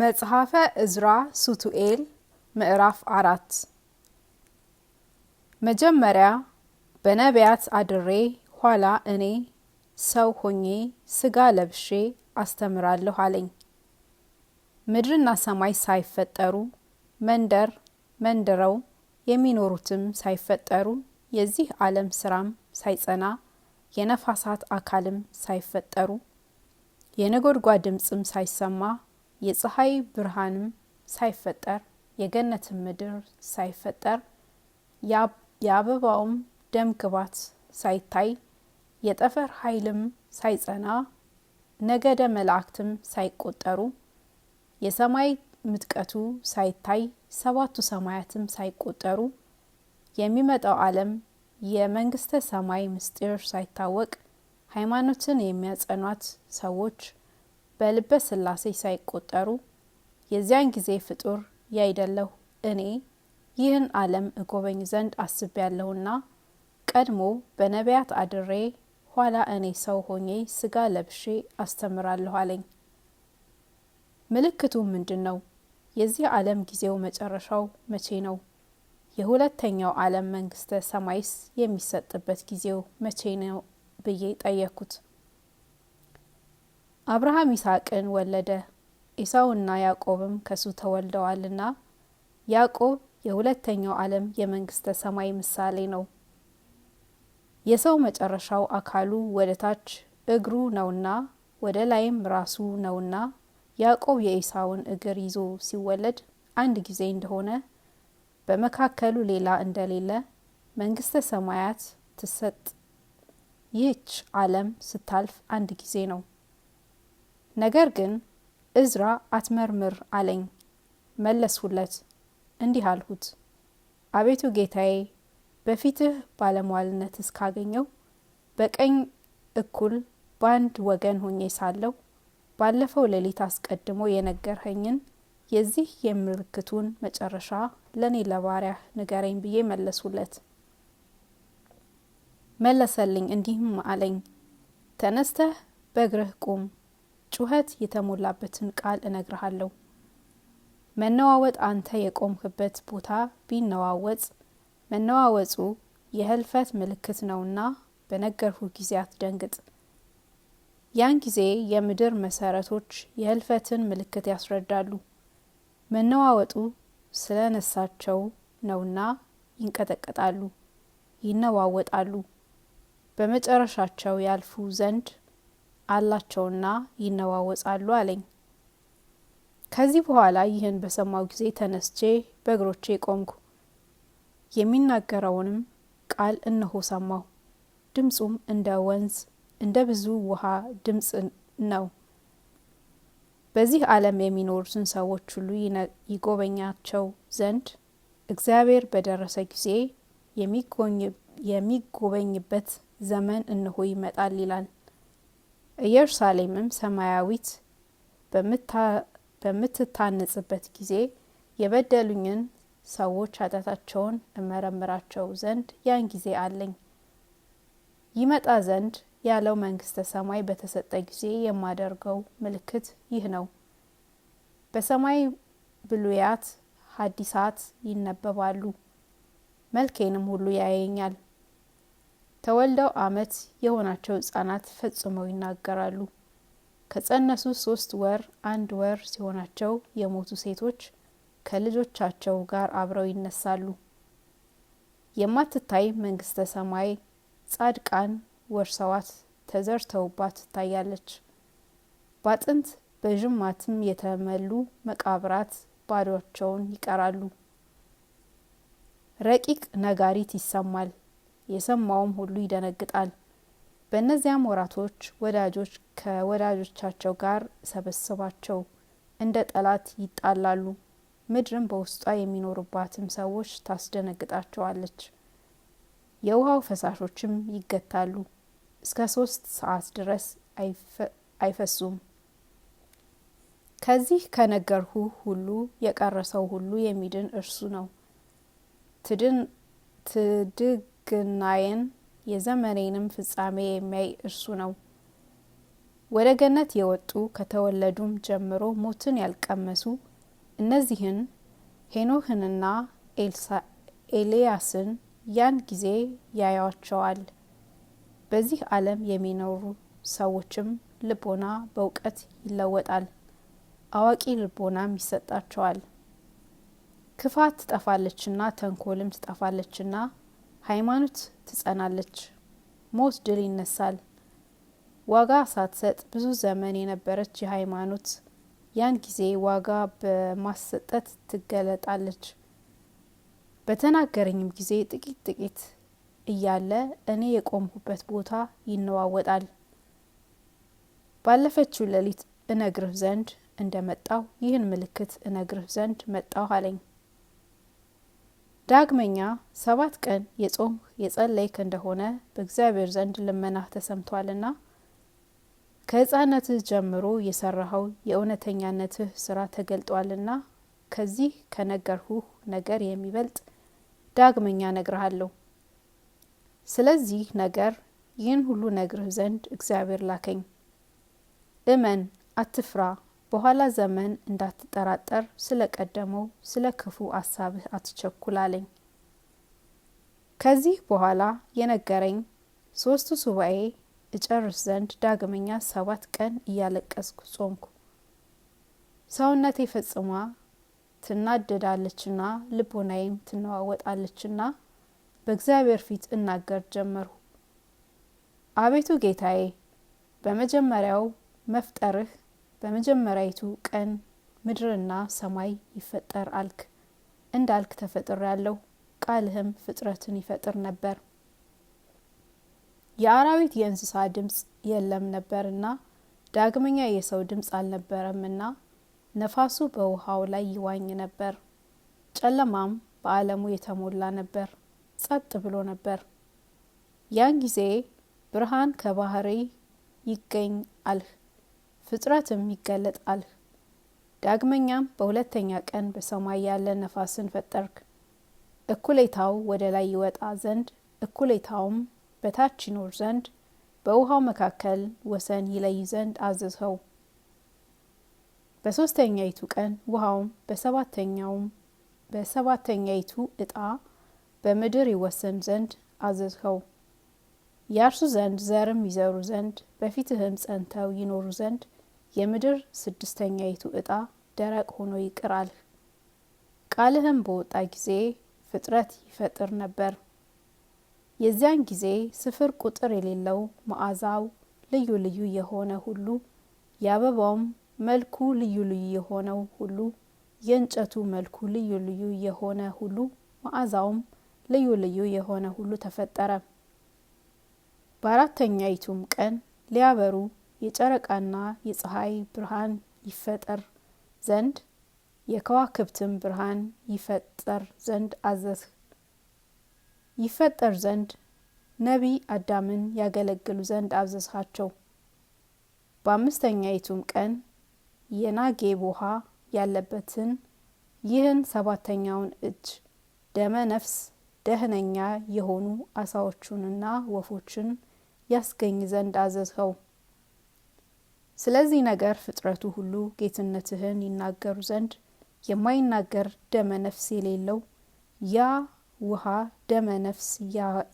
መጽሐፈ እዝራ ሱቱኤል ምዕራፍ አራት መጀመሪያ በነቢያት አድሬ ኋላ እኔ ሰው ሆኜ ስጋ ለብሼ አስተምራለሁ አለኝ። ምድርና ሰማይ ሳይፈጠሩ መንደር መንደረው የሚኖሩትም ሳይፈጠሩ የዚህ ዓለም ስራም ሳይጸና የነፋሳት አካልም ሳይፈጠሩ የነጎድጓድ ድምፅም ሳይሰማ የፀሐይ ብርሃንም ሳይፈጠር የገነትን ምድር ሳይፈጠር የአበባውም ደም ግባት ሳይታይ የጠፈር ኃይልም ሳይጸና ነገደ መላእክትም ሳይቆጠሩ የሰማይ ምጥቀቱ ሳይታይ ሰባቱ ሰማያትም ሳይቆጠሩ የሚመጣው ዓለም የመንግስተ ሰማይ ምስጢር ሳይታወቅ ሃይማኖትን የሚያጸኗት ሰዎች በልበ ስላሴ ሳይቆጠሩ የዚያን ጊዜ ፍጡር ያይደለሁ እኔ ይህን ዓለም እጎበኝ ዘንድ አስቤያለሁና ቀድሞ በነቢያት አድሬ ኋላ እኔ ሰው ሆኜ ስጋ ለብሼ አስተምራለሁ አለኝ። ምልክቱ ምንድን ነው? የዚህ ዓለም ጊዜው መጨረሻው መቼ ነው? የሁለተኛው ዓለም መንግስተ ሰማይስ የሚሰጥበት ጊዜው መቼ ነው ብዬ ጠየኩት? አብርሃም ይስሐቅን ወለደ፣ ኤሳውና ያዕቆብም ከሱ ተወልደዋልና ያዕቆብ የሁለተኛው ዓለም የመንግስተ ሰማይ ምሳሌ ነው። የሰው መጨረሻው አካሉ ወደ ታች እግሩ ነውና ወደ ላይም ራሱ ነውና ያዕቆብ የኤሳውን እግር ይዞ ሲወለድ አንድ ጊዜ እንደሆነ በመካከሉ ሌላ እንደሌለ መንግስተ ሰማያት ትሰጥ ይህች ዓለም ስታልፍ አንድ ጊዜ ነው። ነገር ግን እዝራ አትመርምር አለኝ። መለስሁለት፣ እንዲህ አልሁት፣ አቤቱ ጌታዬ በፊትህ ባለሟልነት እስካገኘው በቀኝ እኩል በአንድ ወገን ሆኜ ሳለሁ ባለፈው ሌሊት አስቀድሞ የነገርኸኝን የዚህ የምልክቱን መጨረሻ ለእኔ ለባሪያህ ንገረኝ ብዬ መለሱለት። መለሰልኝ እንዲህም አለኝ፣ ተነስተህ በእግርህ ቁም ጩኸት የተሞላበትን ቃል እነግርሃለሁ። መነዋወጥ አንተ የቆምክበት ቦታ ቢነዋወጥ መነዋወጹ የህልፈት ምልክት ነውና በነገርሁ ጊዜ አትደንግጥ። ያን ጊዜ የምድር መሰረቶች የህልፈትን ምልክት ያስረዳሉ። መነዋወጡ ስለ ነሳቸው ነውና ይንቀጠቀጣሉ፣ ይነዋወጣሉ፣ በመጨረሻቸው ያልፉ ዘንድ አላቸውና ይነዋወጻሉ አለኝ። ከዚህ በኋላ ይህን በሰማው ጊዜ ተነስቼ በእግሮቼ ቆምኩ። የሚናገረውንም ቃል እነሆ ሰማሁ። ድምፁም እንደ ወንዝ እንደ ብዙ ውሃ ድምፅ ነው። በዚህ ዓለም የሚኖሩትን ሰዎች ሁሉ ይጎበኛቸው ዘንድ እግዚአብሔር በደረሰ ጊዜ የሚጎበኝበት ዘመን እነሆ ይመጣል ይላል። ኢየሩሳሌምም ሰማያዊት በምትታነጽበት ጊዜ የበደሉኝን ሰዎች ኃጢአታቸውን እመረምራቸው ዘንድ ያን ጊዜ አለኝ። ይመጣ ዘንድ ያለው መንግስተ ሰማይ በተሰጠ ጊዜ የማደርገው ምልክት ይህ ነው። በሰማይ ብሉያት ሐዲሳት ይነበባሉ፣ መልኬንም ሁሉ ያየኛል። ተወልደው ዓመት የሆናቸው ህጻናት ፈጽመው ይናገራሉ። ከጸነሱ ሶስት ወር አንድ ወር ሲሆናቸው የሞቱ ሴቶች ከልጆቻቸው ጋር አብረው ይነሳሉ። የማትታይ መንግስተ ሰማይ ጻድቃን ወርሰዋት ተዘርተውባት ትታያለች። በአጥንት በዥማትም የተመሉ መቃብራት ባዶቸውን ይቀራሉ። ረቂቅ ነጋሪት ይሰማል። የሰማውም ሁሉ ይደነግጣል። በእነዚያም ወራቶች ወዳጆች ከወዳጆቻቸው ጋር ሰበስባቸው እንደ ጠላት ይጣላሉ። ምድርም በውስጧ የሚኖሩባትም ሰዎች ታስደነግጣቸዋለች። የውሃው ፈሳሾችም ይገታሉ፣ እስከ ሶስት ሰዓት ድረስ አይፈሱም። ከዚህ ከነገርሁ ሁሉ የቀረ ሰው ሁሉ የሚድን እርሱ ነው። ትድግ ግናዬን የዘመኔንም ፍጻሜ የሚያይ እርሱ ነው። ወደ ገነት የወጡ ከተወለዱም ጀምሮ ሞትን ያልቀመሱ እነዚህን ሄኖህንና ኤልያስን ያን ጊዜ ያያቸዋል። በዚህ ዓለም የሚኖሩ ሰዎችም ልቦና በእውቀት ይለወጣል፣ አዋቂ ልቦናም ይሰጣቸዋል። ክፋት ትጠፋለችና ተንኮልም ትጠፋለችና ሃይማኖት ትጸናለች፣ ሞት ድል ይነሳል። ዋጋ ሳትሰጥ ብዙ ዘመን የነበረች የሃይማኖት ያን ጊዜ ዋጋ በማሰጠት ትገለጣለች። በተናገረኝም ጊዜ ጥቂት ጥቂት እያለ እኔ የቆምኩበት ቦታ ይነዋወጣል። ባለፈችው ሌሊት እነግርህ ዘንድ እንደ መጣሁ ይህን ምልክት እነግርህ ዘንድ መጣሁ አለኝ። ዳግመኛ ሰባት ቀን የጾም የጸለይክ እንደሆነ በእግዚአብሔር ዘንድ ልመናህ ተሰምቷልና ከህፃነትህ ጀምሮ የሰራኸው የእውነተኛነትህ ስራ ተገልጧልና ከዚህ ከነገርሁህ ነገር የሚበልጥ ዳግመኛ ነግርሃለሁ። ስለዚህ ነገር ይህን ሁሉ ነግርህ ዘንድ እግዚአብሔር ላከኝ። እመን፣ አትፍራ በኋላ ዘመን እንዳትጠራጠር ስለ ቀደመው ስለ ክፉ አሳብህ አትቸኩላለኝ። ከዚህ በኋላ የነገረኝ ሶስቱ ሱባኤ እጨርስ ዘንድ ዳግመኛ ሰባት ቀን እያለቀስኩ ጾምኩ። ሰውነቴ ፈጽሟ ትናደዳለችና ልቦናዬም ትነዋወጣለችና በእግዚአብሔር ፊት እናገር ጀመርሁ። አቤቱ ጌታዬ በመጀመሪያው መፍጠርህ በመጀመሪያይቱ ቀን ምድርና ሰማይ ይፈጠር አልክ። እንዳልክ ተፈጥሮ ያለው ቃልህም ፍጥረትን ይፈጥር ነበር። የአራዊት የእንስሳ ድምፅ የለም ነበርና ዳግመኛ የሰው ድምፅ አልነበረምና ነፋሱ በውሃው ላይ ይዋኝ ነበር። ጨለማም በዓለሙ የተሞላ ነበር፣ ጸጥ ብሎ ነበር። ያን ጊዜ ብርሃን ከባህሪ ይገኝ አልህ። ፍጥረትም ይገለጣል። ዳግመኛም በሁለተኛ ቀን በሰማይ ያለ ነፋስን ፈጠርክ፣ እኩሌታው ወደ ላይ ይወጣ ዘንድ እኩሌታውም በታች ይኖር ዘንድ በውሃው መካከል ወሰን ይለይ ዘንድ አዘዝኸው። በሶስተኛይቱ ቀን ውሃውም በሰባተኛውም በሰባተኛይቱ እጣ በምድር ይወሰን ዘንድ አዘዝኸው። ያርሱ ዘንድ ዘርም ይዘሩ ዘንድ በፊትህም ጸንተው ይኖሩ ዘንድ የምድር ስድስተኛይቱ ዕጣ ደረቅ ሆኖ ይቅራል። ቃልህም በወጣ ጊዜ ፍጥረት ይፈጥር ነበር። የዚያን ጊዜ ስፍር ቁጥር የሌለው መዓዛው ልዩ ልዩ የሆነ ሁሉ የአበባውም መልኩ ልዩ ልዩ የሆነው ሁሉ የእንጨቱ መልኩ ልዩ ልዩ የሆነ ሁሉ መዓዛውም ልዩ ልዩ የሆነ ሁሉ ተፈጠረ። በአራተኛይቱም ቀን ሊያበሩ የጨረቃና የፀሐይ ብርሃን ይፈጠር ዘንድ የከዋክብትም ብርሃን ይፈጠር ዘንድ አዘዝ ይፈጠር ዘንድ ነቢይ አዳምን ያገለግሉ ዘንድ አዘዝሃቸው። በአምስተኛይቱም ቀን የናጌብ ውሃ ያለበትን ይህን ሰባተኛውን እጅ ደመ ነፍስ ደህነኛ የሆኑ አሳዎቹንና ወፎችን ያስገኝ ዘንድ አዘዝኸው። ስለዚህ ነገር ፍጥረቱ ሁሉ ጌትነትህን ይናገሩ ዘንድ የማይናገር ደመ ነፍስ የሌለው ያ ውሃ ደመ ነፍስ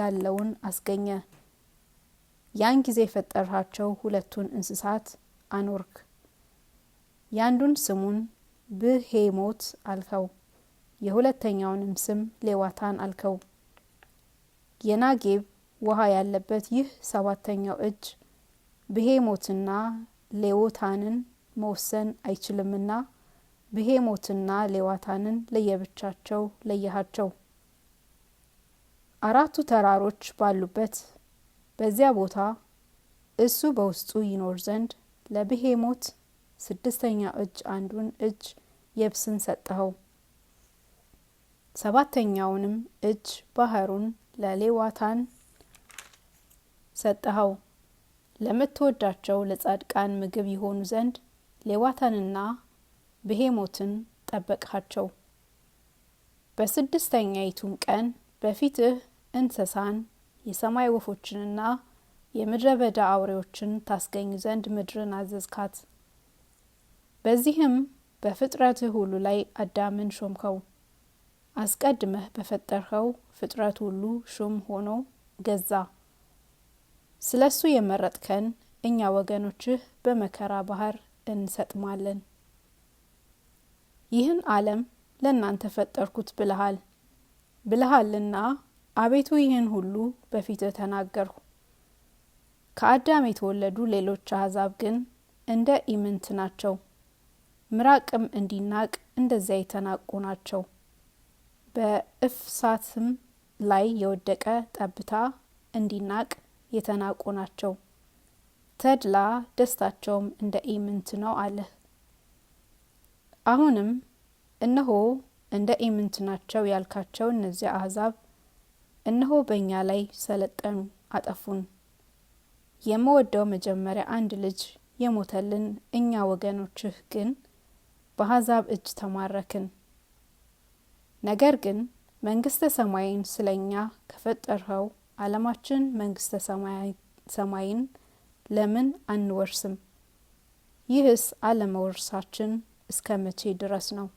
ያለውን አስገኘ። ያን ጊዜ የፈጠርሃቸው ሁለቱን እንስሳት አኖርክ። ያንዱን ስሙን ብሄሞት አልከው፣ የሁለተኛውንም ስም ሌዋታን አልከው። የናጌብ ውሃ ያለበት ይህ ሰባተኛው እጅ ብሄሞትና ሌዎታንን መወሰን አይችልምና ብሄሞትና ሌዋታንን ለየብቻቸው ለየሃቸው። አራቱ ተራሮች ባሉበት በዚያ ቦታ እሱ በውስጡ ይኖር ዘንድ ለብሄሞት ስድስተኛ እጅ አንዱን እጅ የብስን ሰጠኸው። ሰባተኛውንም እጅ ባህሩን ለሌዋታን ሰጠኸው። ለምትወዳቸው ለጻድቃን ምግብ ይሆኑ ዘንድ ሌዋታንና ብሄሞትን ጠበቅሃቸው። በስድስተኛይቱም ቀን በፊትህ እንስሳን የሰማይ ወፎችንና የምድረ በዳ አውሬዎችን ታስገኝ ዘንድ ምድርን አዘዝካት። በዚህም በፍጥረትህ ሁሉ ላይ አዳምን ሾምከው። አስቀድመህ በፈጠርኸው ፍጥረት ሁሉ ሹም ሆኖ ገዛ። ስለ እሱ የመረጥከን እኛ ወገኖችህ በመከራ ባህር እንሰጥማለን። ይህን ዓለም ለእናንተ ፈጠርኩት ብልሃል ብልሃልና አቤቱ ይህን ሁሉ በፊት ተናገርሁ። ከአዳም የተወለዱ ሌሎች አሕዛብ ግን እንደ ኢምንት ናቸው፣ ምራቅም እንዲናቅ እንደዚያ የተናቁ ናቸው። በእፍሳትም ላይ የወደቀ ጠብታ እንዲናቅ የተናቁ ናቸው። ተድላ ደስታቸውም እንደ ኢምንት ነው አለ። አሁንም እነሆ እንደ ኢምንት ናቸው ያልካቸው እነዚያ አሕዛብ እነሆ በእኛ ላይ ሰለጠኑ፣ አጠፉን። የምወደው መጀመሪያ አንድ ልጅ የሞተልን እኛ ወገኖችህ ግን በአሕዛብ እጅ ተማረክን። ነገር ግን መንግስተ ሰማይን ስለኛ ከፈጠርኸው አለማችን መንግስተ ሰማይን ለምን አንወርስም? ይህስ አለመውረሳችን እስከ መቼ ድረስ ነው?